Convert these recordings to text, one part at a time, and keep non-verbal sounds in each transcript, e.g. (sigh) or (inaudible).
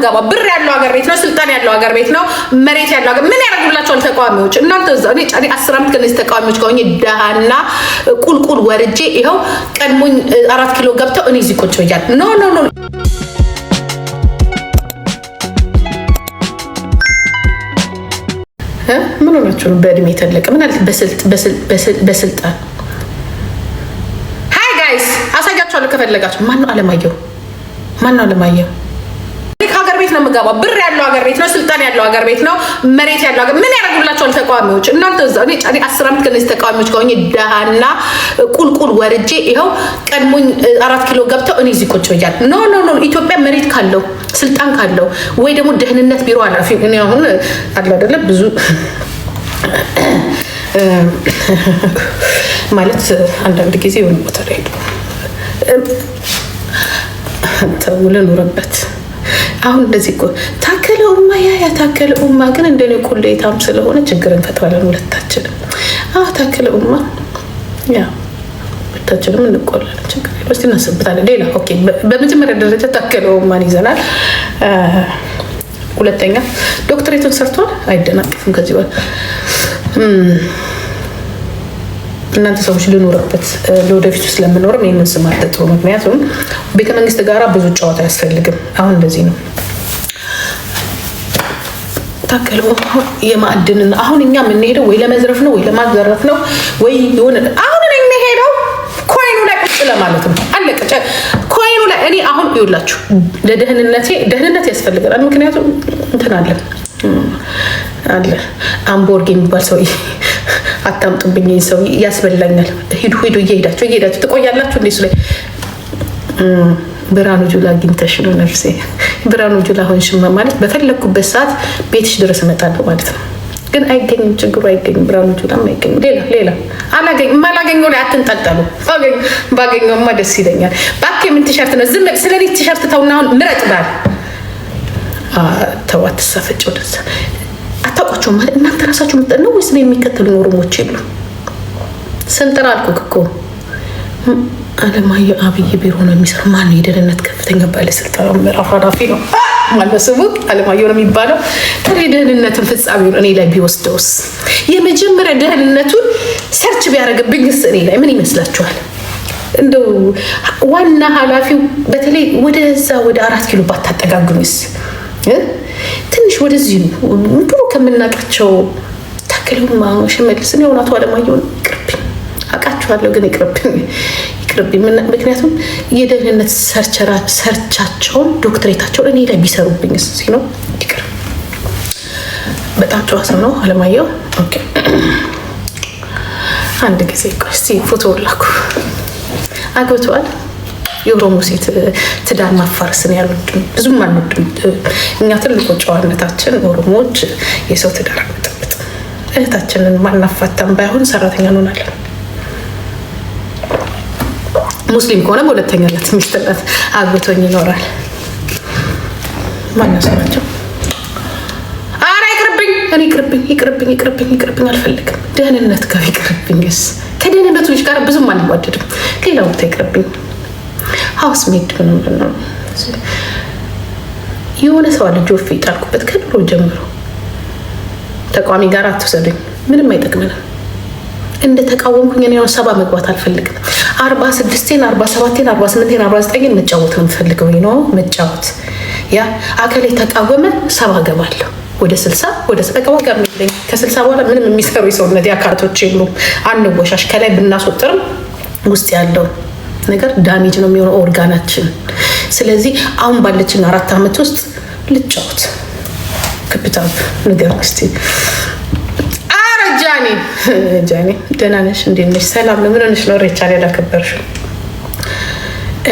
የምገባው። ብር ያለው ሀገር ቤት ነው፣ ስልጣን ያለው ሀገር ቤት ነው፣ መሬት ያለው ሀገር ምን ያደርግላቸዋል ተቃዋሚዎች? እናንተ እዛ እኔ አስር ዓመት ከነዚህ ተቃዋሚዎች ከሆኜ ደሃና ቁልቁል ወርጄ ይኸው ቀድሞኝ አራት ኪሎ ገብተው እኔ እዚህ ቁጭ ብያለሁ። ኖ ኖ ኖ ምን ሆናችሁ ነው? በእድሜ ተለቀ ምን አለ በስልጣን ሀይ ጋይስ አሳያችኋለሁ ከፈለጋችሁ። ማነው አለማየሁ? ማነው አለማየሁ? ቤት ነው የምገባው። ብር ያለው ሀገር ቤት ነው፣ ስልጣን ያለው ሀገር ቤት ነው፣ መሬት ያለው ሀገር ምን ያደርጉላቸዋል ተቃዋሚዎች? እናንተ እዛ እኔ ጫኔ አስር ዓመት ከነዚህ ተቃዋሚዎች ከሆኜ ደሃና ቁልቁል ወርጄ ይኸው ቀድሞኝ አራት ኪሎ ገብተው እኔ እዚህ ቁጭ ብያለሁ። ኖ ኖ ኖ ኢትዮጵያ መሬት ካለው ስልጣን ካለው ወይ ደግሞ ደህንነት ቢሮ አላፊ እኔ አሁን አለ አይደለ ብዙ (clears throat) ማለት አንዳንድ ጊዜ የሆነ ቦታ ላይ ተውለ ውረበት አሁን እንደዚህ እኮ ታከለ ኡማ ያ ያ ታከለ ኡማ ግን እንደኔ ቁሌታም ስለሆነ ችግር እንፈታዋለን ሁለታችንም። አዎ ታከለ ኡማ ያ ሁለታችንም እንቆላለን፣ ችግር ስ እናስብታለን። ሌላ ኦኬ፣ በመጀመሪያ ደረጃ ታከለ ኡማን ይዘናል። ሁለተኛ ዶክትሬቱን ሰርቷል፣ አይደናቀፍም ከዚህ በኋላ እናንተ ሰዎች ልኖርበት ለወደፊቱ ስለምኖር ይህንን ስም አልጠጥሩ። ምክንያቱም ቤተ መንግስት ጋር ብዙ ጨዋታ አያስፈልግም። አሁን እንደዚህ ነው ታከል የማዕድንን አሁን እኛ የምንሄደው ወይ ለመዝረፍ ነው ወይ ለማዘረፍ ነው ወይ የሆነ አሁን የሚሄደው ኮይኑ ላይ ቁጭ ለማለት ነው። አለቀ። ኮይኑ ላይ እኔ አሁን ይውላችሁ ለደህንነቴ ደህንነት ያስፈልገናል። ምክንያቱም እንትን አለ አለ አምቦርግ የሚባል ሰው አታምጡብኝ፣ ሰው ያስበላኛል። ሂዱ ሂዱ፣ እየሄዳችሁ እየሄዳችሁ ትቆያላችሁ። እንዴ እሱ ላይ ብርሃኑ ጁላ አግኝተሽ ነው ነፍሴ። ብርሃኑ ጁላ ሆንሽማ ማለት በፈለግኩበት ሰዓት ቤትሽ ድረስ እመጣለሁ ማለት ነው። ግን አይገኝም፣ ችግሩ አይገኝም። ብርሃኑ ጁላም አይገኝም። ሌላ ሌላ አላገኝ ማላገኘው ላይ አትንጠልጠሉ። ባገኘውማ ደስ ይለኛል። እባክህ ምን ቲሸርት ነው ዝም ስለሌት ቲሸርት ተውና፣ አሁን ምረጥ ባል ተው፣ አትሳፈጭ ወደዛ አልገባቸውም። እናንተ ራሳችሁ መጠን ነው ወይስ የሚከተሉ ኦሮሞች የሉ ስንጥር አልኩ እኮ አለማየሁ አብይ ቢሮ ነው የሚሰሩ። ማነው የደህንነት ከፍተኛ ባለስልጣን ምዕራፍ ኃላፊ ነው ማለስቡ አለማየሁ ነው የሚባለው። ታዲያ የደህንነትን ፍጻሜውን እኔ ላይ ቢወስደውስ የመጀመሪያ ደህንነቱን ሰርች ቢያደርግብኝስ እኔ ላይ ምን ይመስላችኋል? እንደው ዋና ኃላፊው በተለይ ወደዛ ወደ አራት ኪሎ ባታጠጋግኑስ ትንሽ ወደዚህ ድሮ ከምናቃቸው ታከለው ማኖ ሽመልስ ነው ሆናቱ አለማየሁን ይቅርብኝ፣ አውቃችኋለሁ ግን ይቅርብኝ ይቅርብኝ። ምክንያቱም የደህንነት ሰርቻቸውን ዶክትሬታቸውን እኔ ላይ ቢሰሩብኝ ሲ ነው ይቅር። በጣም ጨዋ ሰው ነው አለማየሁ። አንድ ጊዜ ቆይ እስኪ ፎቶ ላኩ። አግብተዋል የኦሮሞ ሴት ትዳር ማፋረስን ያልወድም ብዙም አንወድም። እኛ ትልቁ ጨዋነታችን ኦሮሞዎች የሰው ትዳር አንበጥብጥ፣ እህታችንን ማናፋታም፣ ባይሆን ሰራተኛ እንሆናለን። ሙስሊም ከሆነ በሁለተኛ ለት ሚስትነት አግብቶኝ ይኖራል። ማናሰራቸው ናቸው። ይቅርብኝ፣ እኔ ይቅርብኝ፣ ይቅርብኝ፣ ይቅርብኝ፣ ይቅርብኝ፣ አልፈልግም። ደህንነት ጋር ይቅርብኝስ ከደህንነቱ ልጅ ጋር ብዙም አንዋደድም። ሌላ ቦታ ይቅርብኝ። ሀውስ ሜድ ግን ነው የሆነ ሰው አለ ጆፌ ጣልኩበት ከድሮ ጀምሮ ተቃዋሚ ጋር አትውሰዱኝ፣ ምንም አይጠቅመንም። እንደ ተቃወምኩኝ እኔ ሰባ መግባት አልፈልግም። አርባ ስድስቴን አርባ ሰባቴን አርባ ስምንቴን አርባ ዘጠኝን መጫወት ነው የምፈልገው። ነው መጫወት ያ አከሌ ተቃወመ ሰባ ገባለሁ ወደ ስልሳ ወደ ስጠቀ ጋር ሚለኝ ከስልሳ በኋላ ምንም የሚሰሩ የሰውነት አካላቶች የሉም። አንወሻሽ ከላይ ብናስወጥርም ውስጥ ያለው ነገር ዳሜጅ ነው የሚሆነው ኦርጋናችን። ስለዚህ አሁን ባለችን አራት ዓመት ውስጥ ልጫወት ክብታብ ነገር እስኪ። ኧረ ጃኒ ጃኒ ደህና ነሽ? እንዴት ነሽ? ሰላም ነው? ምን ሆነሽ ነው? ሬቻን ያላከበርሽው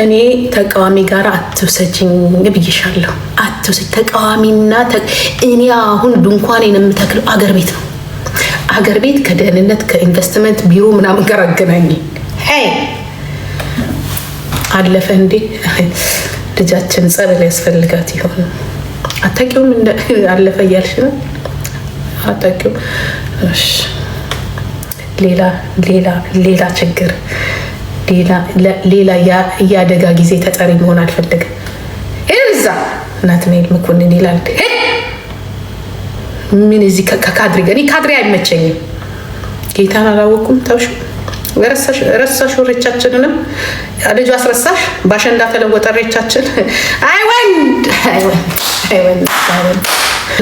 እኔ ተቃዋሚ ጋር አትውሰጅኝ ብዬሻለሁ። አትውሰጅ ተቃዋሚና እኔ አሁን ድንኳኔን የምተክለው አገር ቤት ነው። አገር ቤት ከደህንነት ከኢንቨስትመንት ቢሮ ምናምን ጋር አገናኝ አለፈ እንዴ? ልጃችን ጸበል ያስፈልጋት ይሆን? አታውቂውም? አለፈ እያልሽ ነው። አታውቂውም? ሌላ ሌላ ሌላ ችግር ሌላ የአደጋ ጊዜ ተጠሪ መሆን አልፈልግም። እዛ ናትናኤል መኮንን ይላል። ምን እዚህ ከካድሬ ጋር ካድሬ አይመቸኝም። ጌታን አላወቁም ታውሹ ረሳሽ ሬቻችንንም ልጁ አስረሳሽ በአሸንዳ ተለወጠ ሬቻችን። አይ ወንድ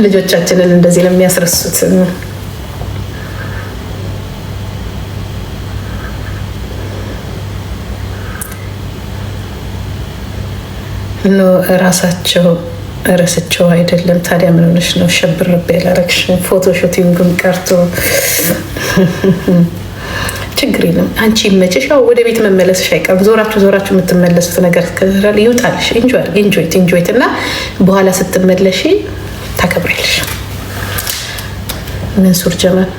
ልጆቻችንን እንደዚህ ነው የሚያስረሱት። ኖ እራሳቸው ረስቸው አይደለም። ታዲያ ምን ሆነሽ ነው? ሸብር ያላረግሽ ፎቶ ሹቲንጉን ቀርቶ ችግር የለም። አንቺ ይመችሽ። ያው ወደ ቤት መመለስሽ አይቀርም። ዞራችሁ ዞራችሁ የምትመለሱት ነገር ከስራል ይውጣልሽ። ኢንጆይት ኢንጆይት እና በኋላ ስትመለሽ ታከብሪያለሽ። መንሱር ጀመል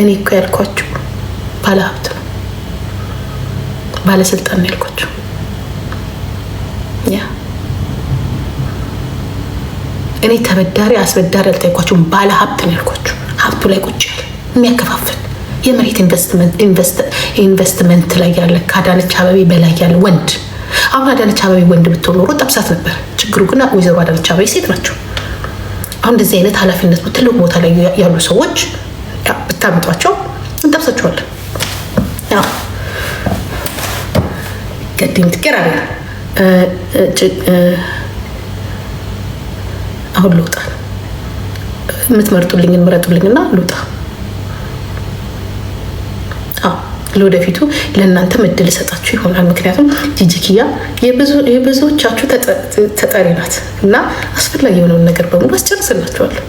እኔ እኮ ያልኳችሁ ባለሀብት ነው ባለስልጣን ነው ያልኳችሁ። ያ እኔ ተበዳሪ አስበዳሪ አልታይኳችሁም። ባለሀብት ነው ያልኳችሁ። ሀብቱ ላይ ቁጭ ያለ የሚያከፋፍል የመሬት ኢንቨስትመንት ላይ ያለ ከአዳነች አበቤ በላይ ያለ ወንድ። አሁን አዳነች አበቤ ወንድ ብትሆን ኖሮ ጠብሳት ነበር። ችግሩ ግን ወይዘሮ አዳነች አበቤ ሴት ናቸው። አሁን እንደዚህ አይነት ኃላፊነት ትልቅ ቦታ ላይ ያሉ ሰዎች ብታምጧቸው እንጠብሳቸዋለን። ቀዲም ትገር አለ አሁን ልውጣ። የምትመርጡልኝን ምረጡልኝና ልውጣ። ለወደፊቱ ለእናንተ እድል እሰጣችሁ ይሆናል። ምክንያቱም ጂጂኪያ የብዙዎቻችሁ ተጠሪ ናት እና አስፈላጊ የሆነውን ነገር በሙሉ አስጨርስላችኋለሁ።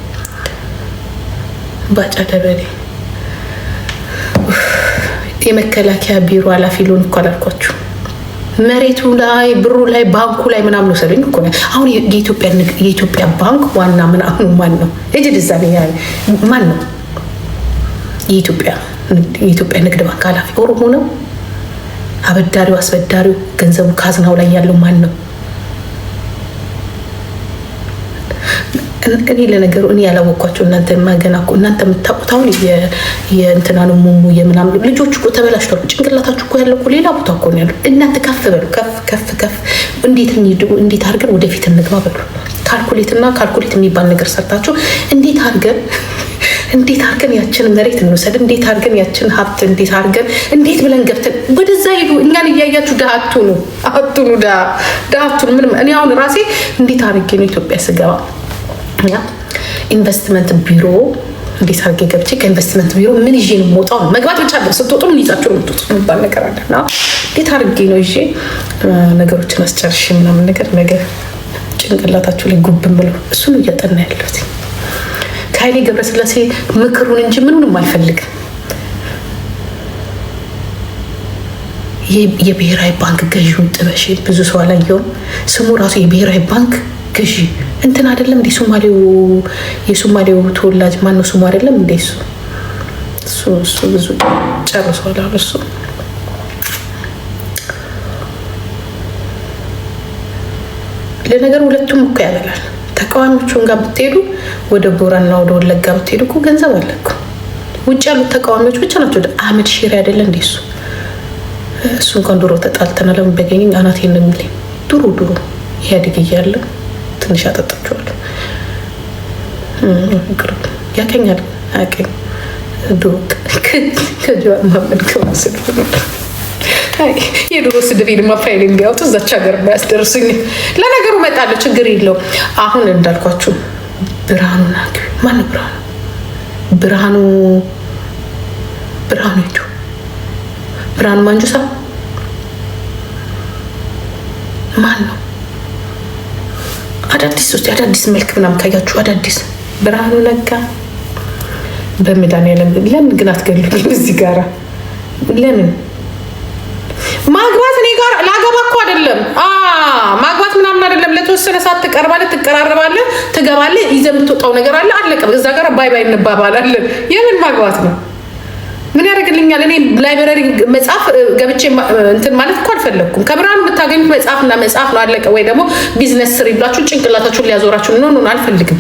ባጫ የመከላከያ ቢሮ ኃላፊ ልሆን እኮ አላልኳችሁ። መሬቱ ላይ ብሩ ላይ ባንኩ ላይ ምናምን ወሰዱኝ እኮ አሁን የኢትዮጵያ ባንክ ዋና ምናምኑ ማን ነው? እጅ ድዛ ማን ነው? የኢትዮጵያ የኢትዮጵያ ንግድ ባንክ ኃላፊ ኦሮሞ ነው። አበዳሪው አስበዳሪው ገንዘቡ ካዝናው ላይ ያለው ማን ነው? እኔ ለነገሩ እኔ ያላወቅኳቸው እናንተ ማገና እኮ እናንተ የምታውቁት አሁን የእንትናኑ ሙሙ የምናም ልጆች እኮ ተበላሽቷል። ጭንቅላታችሁ እኮ ያለው እኮ ሌላ ቦታ እኮ ነው ያለው። እናንተ ከፍ በሉ ከፍ ከፍ ከፍ እንዴት አድርገን ወደፊት እንግባ በሉ። ካልኩሌት እና ካልኩሌት የሚባል ነገር ሰርታችሁ እንዴት አድርገን እንዴት አድርገን ያችን መሬት እንውሰድ፣ እንዴት አድርገን ያችን ሀብት፣ እንዴት አድርገን እንዴት ብለን ገብተን ወደዛ ሄዱ። እኛን እያያችሁ ድሀ አትሁኑ፣ አትሁኑ፣ ድሀ አትሁኑ። ምንም እኔ አሁን ራሴ እንዴት አድርጌ ነው ኢትዮጵያ ስገባ ኢንቨስትመንት ቢሮ እንዴት አድርጌ ገብቼ ከኢንቨስትመንት ቢሮ ምን ይዤ ነው የምወጣው? መግባት ብቻ አለ። ስትወጡ ምን ይዛችሁ ነው የምትወጡት የሚባል ነገር አለ እና እንዴት አድርጌ ነው ይዤ ነገሮችን አስጨርሼ ምናምን ነገር ነገር ጭንቅላታችሁ ላይ ጉብ ምለው እሱን እያጠና ያለሁት ከኃይሌ ገብረስላሴ ምክሩን እንጂ ምኑንም አልፈልግም። የብሔራዊ ባንክ ገዢውን ጥበሽ ብዙ ሰው አላየውም። ስሙ ራሱ የብሔራዊ ባንክ ገዢ እንትን አይደለም እንዴ? ሶማሌው የሶማሌው ተወላጅ ማነው? ስሙ አይደለም እንዴ? እሱ እሱ ብዙ ጨርሷል። እሱ ለነገር ሁለቱም እኮ ያበላል። ተቃዋሚዎቹን ጋር ብትሄዱ ወደ ቦረና ወደ ወለጋ ብትሄዱ እኮ ገንዘብ አለ እኮ። ውጭ ያሉት ተቃዋሚዎች ብቻ ናቸው። ወደ አህመድ ሺሪ አይደለ እንዴ? እሱ እሱ እንኳን ድሮ ተጣልተና ለምን በገኝ አናት የሚለኝ ድሮ ድሮ ኢህአዴግ እያለ ትንሽ አጠጣችኋለሁ። ያቀኛል አቀኝ ድሮ ከጅዋ ማመድ ከማስል የድሮ ስድቤንማ ፋይል እንዲያወጡ እዛች ሀገር ያስደርሱኝ። ለነገሩ እመጣለሁ፣ ችግር የለውም። አሁን እንዳልኳችሁ ብርሃኑ ናት። ማን ብርሃኑ? ብርሃኑ ብርሃኑ እንጁ ብርሃኑ ማንጁሳ ማን ነው? አዳዲስ ውስጥ አዳዲስ መልክ ምናምን ካያችሁ አዳዲስ ብርሃኑ ነጋ በመድኃኒዓለም ለምን ግን አትገሉኝ? እዚህ ጋራ ለምን ማግባት እኔ ጋር ላገባ እኮ አይደለም ማግባት ምናምን አይደለም። ለተወሰነ ሰዓት ትቀርባለህ፣ ትቀራረባለህ፣ ትገባለህ፣ ይዘህ የምትወጣው ነገር አለ አለቀ። እዛ ጋር ባይ ባይ እንባባላለን። የምን ማግባት ነው? ምን ያደርግልኛል? እኔ ላይብረሪ መጽሐፍ ገብቼ እንትን ማለት እኮ አልፈለግኩም። ከብርሃኑ የምታገኙት መጽሐፍና መጽሐፍ ነው አለቀ። ወይ ደግሞ ቢዝነስ ስሪ ብላችሁ ጭንቅላታችሁን ሊያዞራችሁ ነው። አልፈልግም።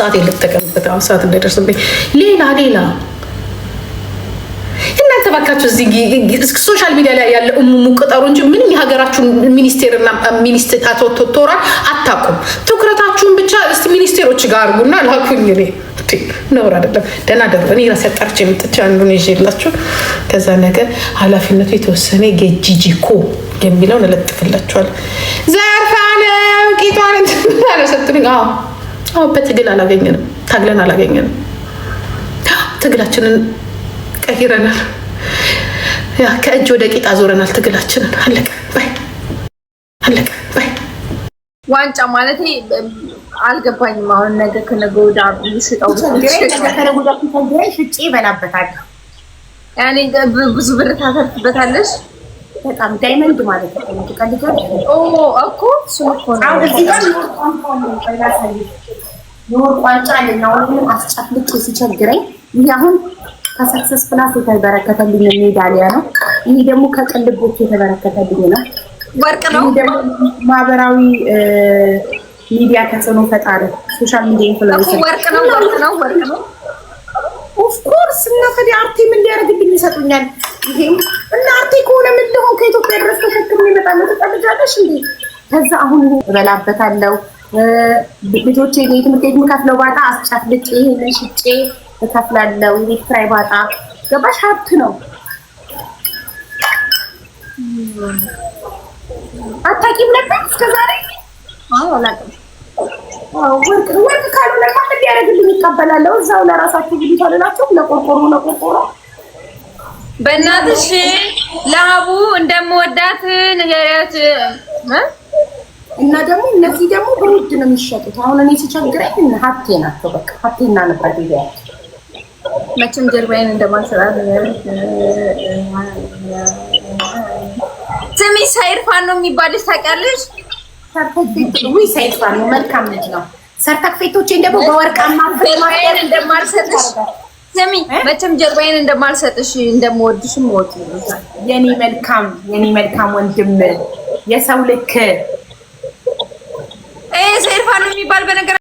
ሰዓት የለም አሁን ሰዓት እንዳይደርስብኝ ሌላ ሌላ እባካችሁ እዚህ ሶሻል ሚዲያ ላይ ያለ እሙሙ ቅጠሩ እንጂ ምንም የሀገራችሁን ሚኒስቴርና ሚኒስቴር አቶቶራ አታቁም። ትኩረታችሁን ብቻ እስቲ ሚኒስቴሮች ጋር አርጉና ላኩኝ። እኔ ነውር አይደለም። ደህና ደር እኔ ራሴ አጣርቼ የምጥቻ አንዱን ይዤላችሁ ከዛ ነገር ኃላፊነቱ የተወሰነ ጌጂጂኮ የሚለውን እለጥፍላችኋል። ዘርፋለው ቂጧን አለሰጡኝ። አዎ በትግል አላገኘንም፣ ታግለን አላገኘንም። ትግላችንን ቀይረናል። ያ ከእጅ ወደ ቂጣ ዞረናል። ትግላችንን አለቀ ባይ አለቀ ባይ ዋንጫ ማለት አልገባኝም። አሁን ነገ ከነገ ወዲያ የሚሰጠው ሽጬ እበላበታለሁ። ብዙ ብር ታተርፍበታለሽ። በጣም ዳይመንድ ማለት ነው እኮ እሱ እኮ ነው። የወርቅ ዋንጫ አለኝ አሁን አስጨፍልቄ ሲቸግረኝ ይሄ አሁን ከሰክሰስ ፕላስ የተበረከተልኝ ሜዳሊያ ነው። ይህ ደግሞ ከቅልቦች የተበረከተልኝ ነው፣ ወርቅ ነው። ማህበራዊ ሚዲያ ተጽዕኖ ፈጣሪ ሶሻል ሚዲያ ኢንፍሉዌንሰር ወርቅ ነው፣ ወርቅ ነው፣ ወርቅ ነው። ኦፍኮርስ እና ፈዲ አርቴ ምን ሊያደርግልኝ ይሰጡኛል? ይሄም እና አርቴ ከሆነ ምን እንደሆነ ከኢትዮጵያ ድረስ ተሸክም ይመጣል። ተጠብጃለሽ እንዴ? ከዛ አሁን እበላበታለሁ። ቤቶቼ ትምህርት ቤት የምከፍለው ባጣ አስጫፍ ልጬ ይሄንን ሽጬ እከፍላለሁ። የቤት ኪራይ ባጣ ገባሽ፣ ሀብት ነው። አታውቂም ነበር እስከዛሬ? አዎ አላውቅም። ወርቅ ወርቅ ካልሆነ እንዲህ ያደርግልኝ ይቀበላለሁ። እዛው ለራሳችሁ ግዲ ታለላችሁ። ለቆርቆሮ ለቆርቆሮ በእናትሽ ለአቡ እንደምወዳት ንገሪያት። እና ደግሞ እነዚህ ደግሞ በውድ ነው የሚሸጡት። አሁን እኔ ሲቸግረኝ ሀብቴ ናቸው። በቃ ሀብቴና ንብረት ይዘያል መቼም ጀርባዬን እንደማሰራት ስሚ፣ ሳይርፋን ነው የሚባልሽ ታውቂያለሽ? ውይ ሳይርፋን ነው መልካም ልጅ ነው። ሰርተፍኬቶቼን ደግሞ በወርቃማ ጀርባዬን እንደማልሰጥሽ ስሚ፣ መቼም ጀርባዬን እንደማልሰጥሽ እንደምወድሽም ወጡ። የኔ መልካም የኔ መልካም ወንድም የሰው ልክ ይሄ ሰይድ ፋኖ የሚባል በነገር